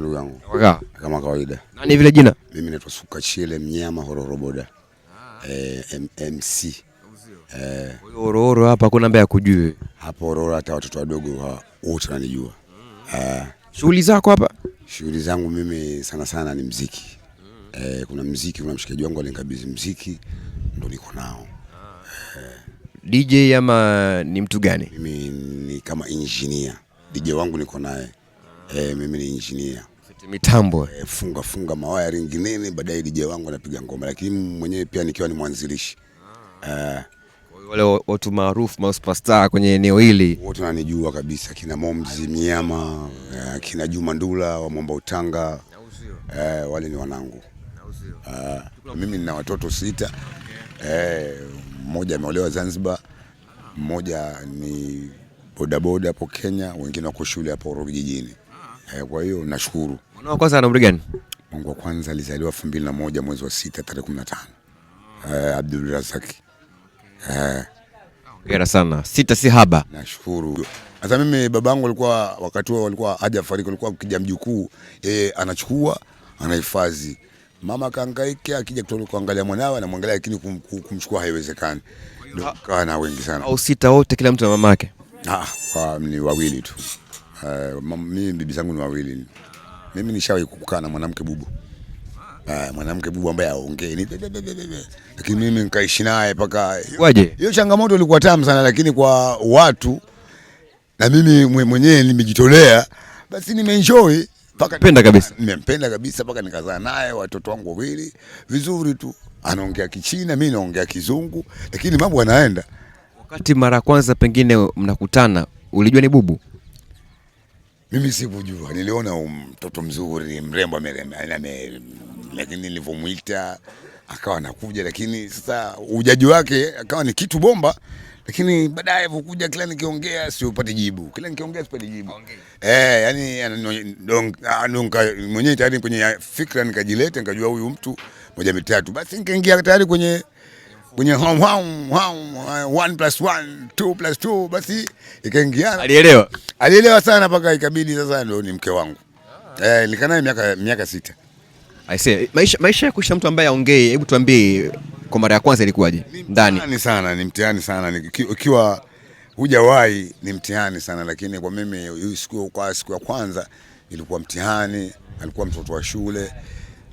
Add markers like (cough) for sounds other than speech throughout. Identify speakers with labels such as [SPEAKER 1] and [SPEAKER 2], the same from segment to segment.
[SPEAKER 1] Ndugu yangu kama kawaida.
[SPEAKER 2] Nani vile jina?
[SPEAKER 1] Mimi naitwa Sukachile Mnyama Hororoboda. Ah. E, eh, MC. Eh.
[SPEAKER 2] Kwa hiyo Hororo hapa kuna mbaya kujui.
[SPEAKER 1] Hapo hororo hata watoto wadogo wote wanijua. wananijua. Mm. Eh.
[SPEAKER 2] Shughuli zako hapa?
[SPEAKER 1] Shughuli zangu mimi sana sana ni mziki. Mm. Eh, kuna mziki, kuna mshikaji wangu alinikabidhi mziki ndo niko nao. Ah. Eh.
[SPEAKER 2] DJ ama ni mtu gani?
[SPEAKER 1] Mimi ni kama engineer. DJ wangu niko naye. Eh, mimi ni engineer. Mitambo e, funga funga mawaya ringi nini, baadaye DJ wangu anapiga ngoma, lakini mwenyewe pia nikiwa ni mwanzilishi ah. E,
[SPEAKER 2] wale watu maarufu ma superstar kwenye eneo hili
[SPEAKER 1] wote wananijua kabisa, kina Momzi Miyama, uh, kina Juma Ndula wa Mwamba Utanga e, wale ni wanangu e, mimi nina watoto sita mmoja ameolewa Zanzibar, mmoja ni bodaboda hapo Kenya, wengine wako shule hapo Rorya jijini. Eh, kwa hiyo nashukuru.
[SPEAKER 2] wa kwanza ana umri gani?
[SPEAKER 1] Mwangu wa kwanza alizaliwa 2001 mwezi wa 6 tarehe 15. Eh, Abdul Razaki. Eh.
[SPEAKER 2] Hongera sana. Sita si haba.
[SPEAKER 1] Nashukuru. Sasa mimi babangu alikuwa wakati huo alikuwa hajafariki, alikuwa kija mjukuu, yeye anachukua, anahifadhi. Mama kaangaike akija kutoka kuangalia mwanawe anamwangalia, lakini kum, kumchukua haiwezekani. Ndio kana wengi sana.
[SPEAKER 2] Au sita wote, kila mtu na mamake?
[SPEAKER 1] Ah, ni wawili tu. Eh, mimi bibi zangu ni wawili. Mimi nishawahi kukaa na mwanamke bubu. Uh, mwanamke bubu ambaye aongee. Lakini mimi nikaishi naye paka. Waje. Hiyo changamoto ilikuwa tamu sana lakini kwa watu na mimi mwenyewe nimejitolea basi nimeenjoy paka penda kabisa. Nimempenda kabisa paka nikazaa naye watoto wangu wawili vizuri tu. Anaongea Kichina, mimi naongea Kizungu, lakini mambo yanaenda.
[SPEAKER 2] Wakati mara kwanza pengine mnakutana, ulijua ni bubu?
[SPEAKER 1] Mimi sikujua, niliona mtoto mzuri mrembo ame, lakini nilivyomwita akawa anakuja, lakini sasa ujaji wake akawa ni kitu bomba, lakini baadaye alivyokuja, kila nikiongea siupati jibu, kila nikiongea sipati jibu eh, yani mwenyewe tayari kwenye fikra nikajileta, nikajua huyu mtu moja mitatu, basi nikaingia tayari kwenye kwenye hau hau one plus one two plus two, basi ikaingiana. Alielewa, alielewa sana mpaka ikabidi sasa ndo ni mke wangu ah. Eh, naye miaka miaka sita.
[SPEAKER 2] I say maisha maisha ya kuisha mtu ambaye aongee, hebu tuambie kwa mara ya kwanza ilikuwaje?
[SPEAKER 1] Ndani ni sana ni mtihani sana, ukiwa hujawahi ni mtihani sana, lakini kwa mimi siku kwa siku ya kwanza ilikuwa mtihani. Alikuwa mtoto wa shule,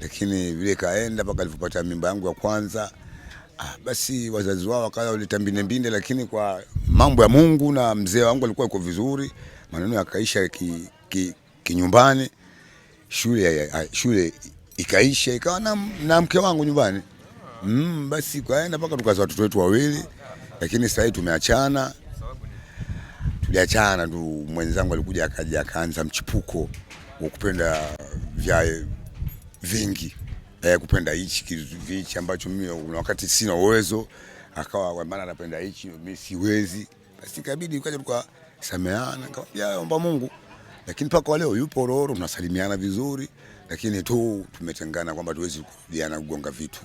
[SPEAKER 1] lakini vile kaenda mpaka alipopata mimba yangu ya kwanza Ah, basi wazazi wao wakawa mbinde mbinde, lakini kwa mambo ya Mungu na mzee wangu alikuwa yuko vizuri, maneno yakaisha kinyumbani ki, ki shule, shule ikaisha ikawa na, na mke wangu nyumbani mm, basi kaenda mpaka tukaza watoto wetu wawili, lakini sasa hivi tumeachana. Tuliachana tu, mwenzangu alikuja akaja akaanza mchipuko wa kupenda vya vingi eh, kupenda hichi kitu hichi ambacho mimi kuna wakati sina uwezo, akawa kwa maana anapenda hichi mimi siwezi, basi ikabidi ukaja sameana nikamwambia omba Mungu, lakini mpaka leo yupo roho, tunasalimiana vizuri, lakini tu tumetengana kwamba tuwezi kuviana kugonga vitu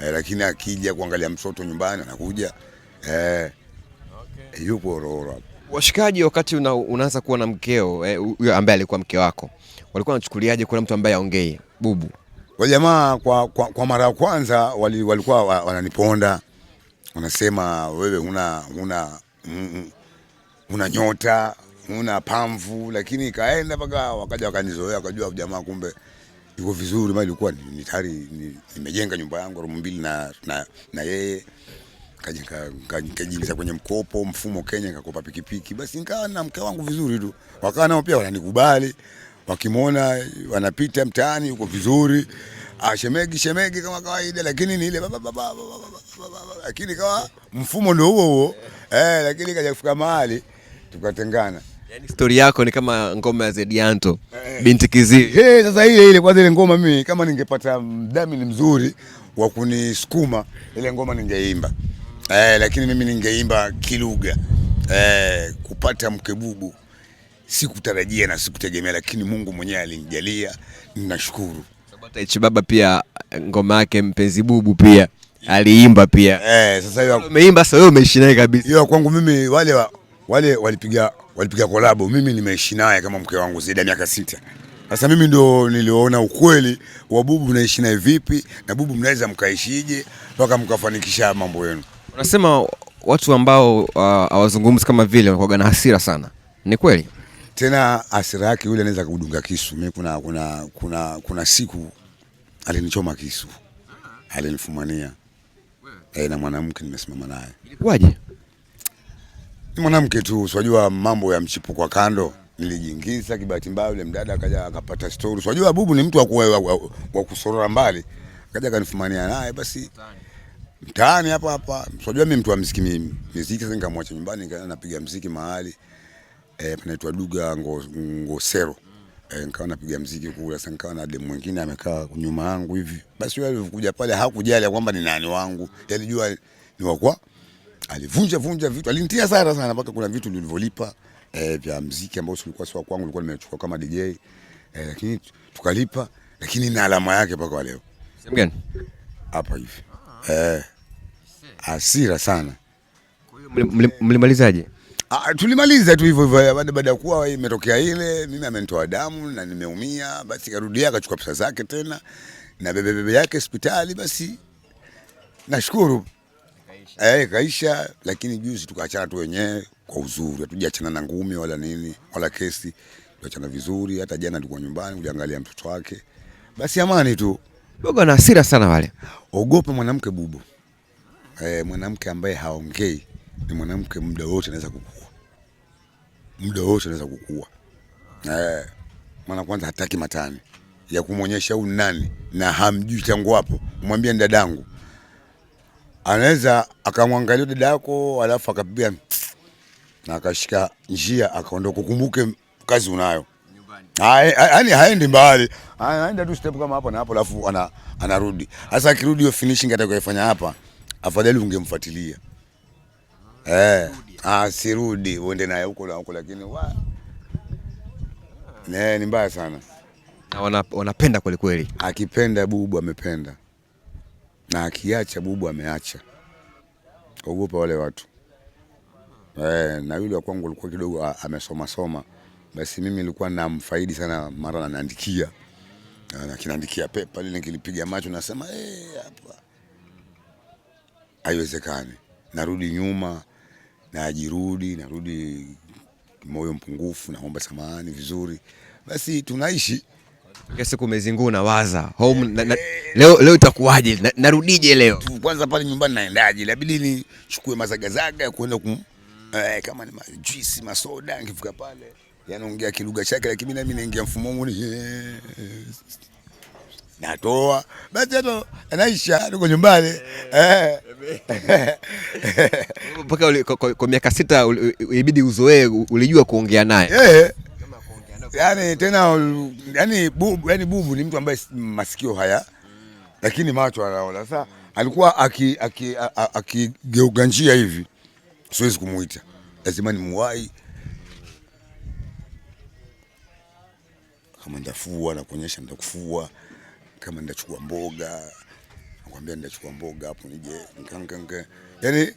[SPEAKER 1] eh, lakini akija kuangalia mtoto nyumbani anakuja eh, okay. yupo roho
[SPEAKER 2] Washikaji, wakati una, unaanza kuwa na mkeo huyo eh, ambaye alikuwa mke wako, walikuwa wanachukuliaje kuna mtu ambaye aongee bubu?
[SPEAKER 1] Kwa jamaa kwa, kwa, kwa mara ya kwanza wali, walikuwa wananiponda wanasema wewe una, una, mm, mm, una nyota una pamvu, lakini kaenda mpaka wakaja wakanizoea, wakajua jamaa kumbe yuko vizuri. Mimi nilikuwa ni tayari nimejenga nyumba yangu room mbili na, na, na yeye kajiingiza kwenye mkopo mfumo Kenya, kakopa pikipiki, basi nikawa na mke wangu vizuri tu, wakawa nao pia wananikubali wakimwona wanapita mtaani yuko vizuri, ashemegi shemegi kama kawaida, lakini ni ile baba baba, lakini kawa mfumo ndio huo huo eh, lakini kaja kufika mahali tukatengana.
[SPEAKER 2] Yani story yako ni kama ngoma ya Zedianto binti Kiziwi eh, sasa ile ile kwanza ile ngoma mimi kama ningepata mdhamini mzuri wa kunisukuma ile ngoma ningeimba eh, lakini mimi ningeimba kilugha eh, kupata mkebubu sikutarajia na sikutegemea, lakini Mungu mwenyewe alinijalia, ninashukuru. Sabata baba pia eh, ngoma yake mpenzi bubu pia aliimba pia
[SPEAKER 1] eh. Sasa hiyo
[SPEAKER 2] umeimba, sasa wewe umeishi naye kabisa.
[SPEAKER 1] Hiyo kwangu mimi wale wa, wale walipiga walipiga kolabo, mimi nimeishi naye kama mke wangu zaidi ya miaka sita. Sasa mimi ndio niliona ukweli wa bubu, naishi naye vipi na bubu mnaweza mkaishije mpaka mkafanikisha mambo yenu.
[SPEAKER 2] Unasema watu ambao ah, hawazungumzi uh, kama vile wanakuwa na hasira sana, ni kweli?
[SPEAKER 1] tena asira yake yule anaweza kudunga kisu. Mimi kuna, kuna, kuna, kuna siku alinichoma kisu, alinifumania e, na mwanamke nimesimama naye. Waje Ni mwanamke tu, unajua mambo ya mchipu kwa kando nilijiingiza kibahati mbaya, yule mdada akaja akapata story. Unajua bubu ni mtu wa wa, kusorora mbali, akaja akanifumania naye basi mtaani hapa hapa. Unajua mimi mtu wa muziki, mimi muziki sasa, nikamwacha nyumbani, nikaenda napiga muziki mahali eh, panaitwa Duga Ngosero ngo eh, nikawa napiga mziki kule. Sasa nikawa na demu mwingine amekaa nyuma yangu hivi, basi yule alivyokuja pale hakujali kwamba ni nani wangu, yalijua ni wakwa, alivunja vunja vitu, alinitia sana sana mpaka kuna vitu nilivyolipa eh, vya mziki ambao silikuwa sio kwangu, nilikuwa nimechukua kama DJ eh, lakini tukalipa, lakini na alama yake mpaka leo. Sehemu gani? Hapa hivi eh, hasira sana.
[SPEAKER 2] Kwa hiyo Mlimalizaje?
[SPEAKER 1] Ah, tulimaliza tu hivyo hivyo baada ya kuwa imetokea ile, mimi amenitoa damu na nimeumia, basi karudia akachukua pesa zake tena na bebe bebe yake hospitali, basi nashukuru eh, kaisha. Lakini juzi tukaachana tu wenyewe kwa uzuri, hatujaachana na ngumi wala nini wala kesi, tuachana vizuri. Hata jana tulikuwa nyumbani kuangalia mtoto wake, basi amani tu.
[SPEAKER 2] Bogo na hasira sana wale,
[SPEAKER 1] ogope mwanamke bubu, eh, mwanamke ambaye haongei ni mwanamke, muda wote anaweza kukua, muda wote anaweza kukua eh, maana kwanza hataki matani ya kumwonyesha huyu nani na hamjui tangu hapo. Mwambie dadangu, anaweza akamwangalia dada yako alafu akapiga na akashika njia akaondoka. Ukumbuke kazi unayo yaani haendi mbali, anaenda tu step kama hapo na hapo, alafu anarudi. Sasa akirudi hiyo finishing atakayofanya hapa, afadhali ungemfuatilia eh, ah, sirudi uende naye huko na huko, lakini wa ne eh, ni mbaya sana
[SPEAKER 2] na wana, wanapenda kweli kweli.
[SPEAKER 1] Akipenda bubu amependa, na akiacha bubu ameacha. Ogopa wale watu eh. Na yule wa kwangu alikuwa kidogo amesoma soma, basi mimi nilikuwa namfaidi sana, mara naandikia akinaandikia pepa lile nikilipiga macho nasema eh, hapa haiwezekani, narudi nyuma najirudi, narudi moyo mpungufu, naomba samahani vizuri, basi tunaishi.
[SPEAKER 2] Kila siku na waza home na, na, eh. leo, leo itakuwaje? Na, narudije leo
[SPEAKER 1] kwanza pale nyumbani naendaje? Labidi nichukue mazagazaga kuenda kum, eh, kama ni juisi masoda, nikifika pale yanaongea kilugha chake, lakini nami naingia mfumo wangu ni eh, natoa basi, hata anaisha, tuko nyumbani eh. Eh. (laughs)
[SPEAKER 2] mpaka kwa miaka sita ilibidi uzoee. Ulijua kuongea naye
[SPEAKER 1] eh. yani tena, yani bubu, yani bubu ni mtu ambaye masikio haya lakini macho anaona. Sasa alikuwa aki, njia hivi, siwezi kumuita, lazima ni muwai kama ndafua na kuonyesha ndakufua kama ndachukua mboga, nakwambia ndachukua mboga hapo nije nkankanka. Yani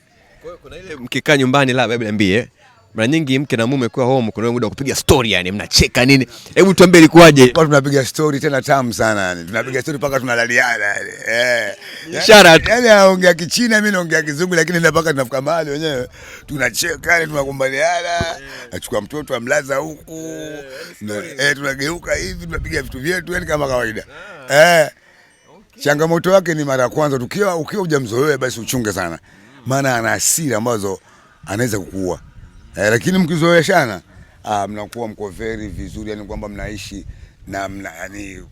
[SPEAKER 2] kuna ile mkikaa nyumbani la baba niambie, mara nyingi mke na mume kwa home kuna muda wa kupiga story, yani mnacheka nini? Hebu tuambie ilikuwaje?
[SPEAKER 1] Kwa tunapiga story tena tamu sana yani. Tunapiga story paka tunalaliana yani. Eh. Ishara. Yaani, yani aongea Kichina, mimi naongea Kizungu lakini ndio paka tunafika mahali wenyewe tunacheka yani tunakumbaliana. Eh. achukua mtoto amlaza huku. Eh, yaani eh, tunageuka hivi tunapiga vitu vyetu yani kama kawaida. Ah eh. Okay. Changamoto yake ni mara ya kwanza, tukiwa ukiwa hujamzoea basi uchunge sana, maana ana hasira ambazo anaweza kukua. eh, lakini mkizoeshana ah, mnakuwa mko very vizuri, yani kwamba mnaishi na mna, yani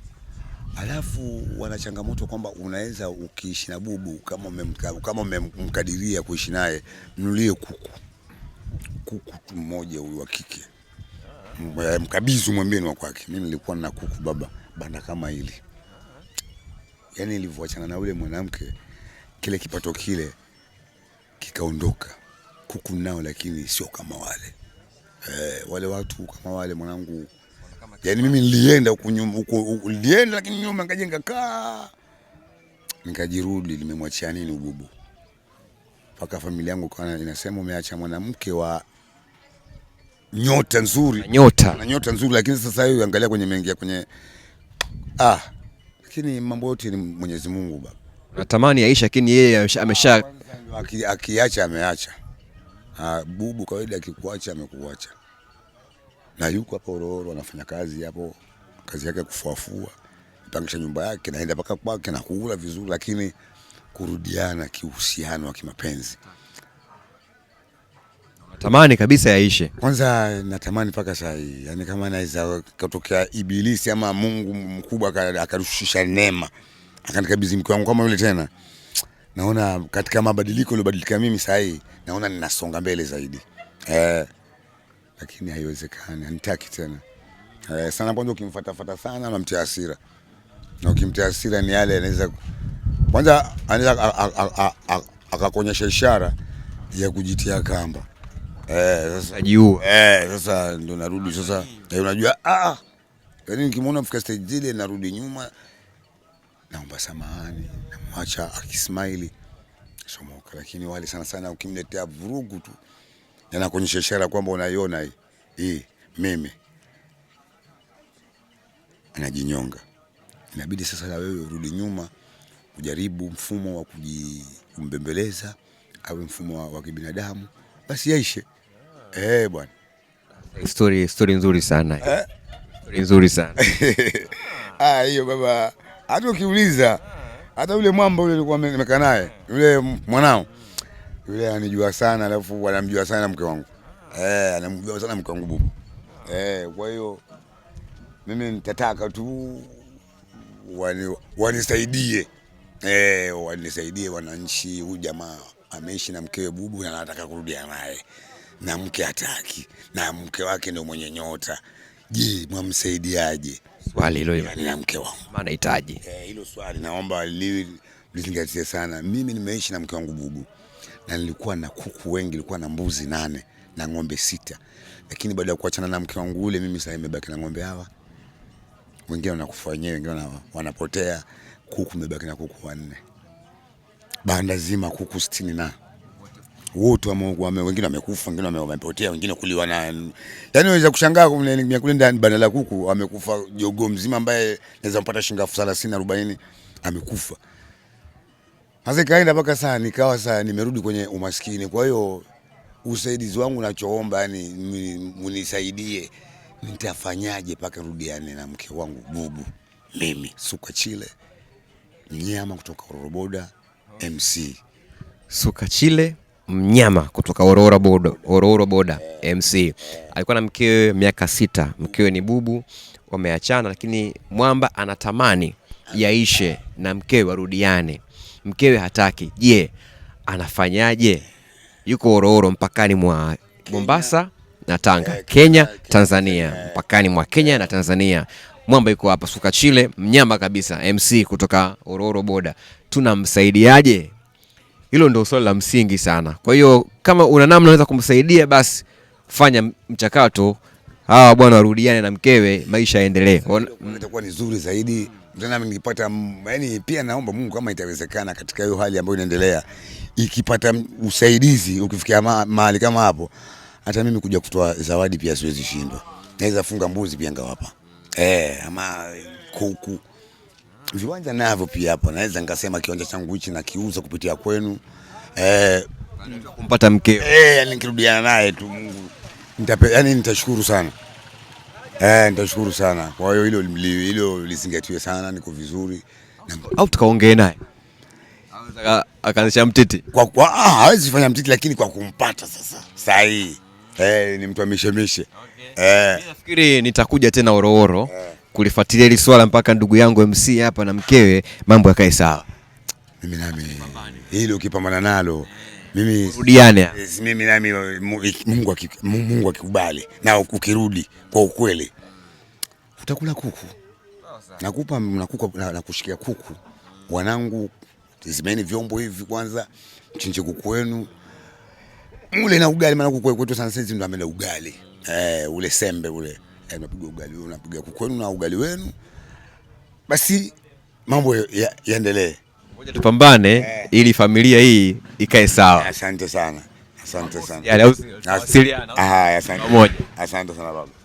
[SPEAKER 1] alafu wana changamoto kwamba unaweza ukiishi na bubu kama umemka, kama umemkadiria kuishi naye, mnulie kuku kuku tu mmoja huyu wa kike, eh, mkabizi, mwambie ni wa kwake. Mimi nilikuwa na kuku baba, banda kama hili yani nilivyoachana na yule mwanamke, kile kipato kile kikaondoka kuku nao, lakini sio kama wale eh, wale watu kama wale mwanangu. Yani mimi nilienda huko huko, nilienda lakini nyuma nikaje, nikakaa nikajirudi, nimemwachia nini ububu, mpaka familia yangu kana inasema umeacha mwanamke wa nyota nzuri, nyota na nyota nzuri, lakini sasa hiyo angalia kwenye mengia kwenye ah lakini mambo yote ni Mwenyezi Mungu baba.
[SPEAKER 2] Natamani yaisha lakini yeye amesha
[SPEAKER 1] ah, akiacha ameacha. Ah, bubu kawaida akikuacha amekuacha. Na yuko hapo Horohoro anafanya kazi hapo, kazi yake kufuafua, pangisha nyumba yake, naenda paka kwake na kula vizuri, lakini kurudiana kiuhusiano wa kimapenzi
[SPEAKER 2] Tamani kabisa yaishe.
[SPEAKER 1] Kwanza natamani mpaka saa hii, yani kama naweza kutokea ibilisi ama Mungu mkubwa akarushisha neema akanikabidhi mke wangu kama yule tena, naona katika mabadiliko yaliyobadilika mimi saa hii, naona ninasonga mbele zaidi eh, lakini haiwezekani, nitaki tena eh, sana. Kwanza ukimfuatafuata sana unamtia hasira, na ukimtia hasira ni yale anaweza kwanza, anaweza akakuonyesha ishara ya kujitia kamba Eh, sasa juu. Eh, sasa ndo narudi sasa. Eh, unajua ah. ah. Yaani nikimwona afika stage zile narudi nyuma. Naomba samahani, namwacha akismile. Somoka lakini wale sana sana ukimletea vurugu tu. Yanakuonyesha ishara kwamba unaiona hii. Hii mimi. Anajinyonga. Inabidi sasa na wewe urudi nyuma ujaribu mfumo wa kujimbembeleza au mfumo wa kibinadamu basi yaishe. Eh, bwana.
[SPEAKER 2] Story story nzuri sana. Eh? Story nzuri sana.
[SPEAKER 1] (laughs) Ah, hiyo baba. Hata ukiuliza hata yule mwamba yule alikuwa amekaa naye, yule mwanao. Yule anijua sana alafu anamjua sana mke wangu. Eh, anamjua sana mke wangu bubu. Eh, kwa hiyo mimi nitataka tu wani, wanisaidie eh, wanisaidie wananchi. Huyu jamaa ameishi na mkewe bubu na anataka kurudia naye na mke hataki na mke wake ndio mwenye nyota, je, mwamsaidiaje? Swali hilo yani, na mke wangu maana hilo eh, hilo swali naomba lizingatie sana. Mimi nimeishi na mke wangu Bubu na nilikuwa na kuku wengi, nilikuwa na mbuzi nane na ng'ombe sita, lakini baada ya kuachana na mke wangu ule, mimi sasa nimebaki na ng'ombe hawa, wengine wanakufa wenyewe, wengine wanapotea, kuku nimebaki na kuku wanne, banda zima kuku sitini na wote wame, wengine wamekufa, wengine wamepotea, wengine kuliwa na yani, unaweza kushangaa kwa kule ndani banda la kuku amekufa jogoo mzima ambaye naweza mpata shilingi elfu thelathini arobaini amekufa. Sasa ikaenda mpaka saa nikawa saa nimerudi kwenye umaskini. Kwa hiyo usaidizi wangu nachoomba, yani mnisaidie, nitafanyaje mpaka rudiane na mke wangu Bubu? Mimi suka chile mnyama kutoka Roboda MC
[SPEAKER 2] suka chile mnyama kutoka Ororo Boda, Ororo Boda MC alikuwa na mkewe miaka sita. Mkewe ni bubu, wameachana, lakini Mwamba anatamani yaishe na mkewe warudiane. Mkewe hataki. Je, anafanyaje? Yuko Ororo mpakani mwa Mombasa na Tanga, Kenya Tanzania, mpakani mwa Kenya na Tanzania. Mwamba yuko hapa Sukachile, mnyama kabisa, MC kutoka Ororo Boda.
[SPEAKER 1] Tunamsaidiaje? Hilo ndio swali la msingi sana. Kwa hiyo kama una namna unaweza kumsaidia basi fanya mchakato, hawa bwana warudiane na mkewe, maisha yaendelee, itakuwa ni nzuri zaidi. Nami nikipata yani, pia naomba Mungu kama itawezekana, katika hiyo hali ambayo inaendelea, ikipata usaidizi, ukifikia mahali kama hapo, hata mimi kuja kutoa zawadi pia siwezi shindwa, naweza funga mbuzi pia ngawapa, eh ama kuku viwanja navyo pia hapo, naweza nikasema kiwanja changu hichi nakiuza kupitia kwenu eh,
[SPEAKER 2] kumpata mkeo
[SPEAKER 1] eh, yani nikirudiana naye tu Mungu nitape, yani nitashukuru sana eh, nitashukuru sana. Kwa hiyo hilo hilo lisingatiwe sana, niko vizuri
[SPEAKER 2] au tukaongee naye akaanzisha mtiti
[SPEAKER 1] kwa, kwa, ah, hawezi fanya mtiti, lakini kwa kumpata sasa sahihi eh, ni mtu amishemishe Okay. Eh,
[SPEAKER 2] nafikiri nitakuja tena Orooro eh kulifuatilia hili swala mpaka ndugu yangu MC hapa na mkewe mambo yakae sawa.
[SPEAKER 1] Mimi nami hili ukipambana nalo mimi rudiane, mimi nami Mungu, Mungu akikubali na ukirudi kwa ukweli
[SPEAKER 2] utakula kuku
[SPEAKER 1] nakupa na kuku, na kushikia kuku wanangu, zimeni vyombo hivi kwanza, mchinje kuku wenu ule na ugali, maana kuku kwetu sana sisi ndo amela ugali eh, ule sembe ule eh, ugali wenu, unapiga kuku wenu na ugali wenu, basi mambo yaendelee
[SPEAKER 2] ya tupambane eh, ili familia hii ikae sawa.
[SPEAKER 1] Asante sana, asante sana,
[SPEAKER 2] yaani asante sana baba.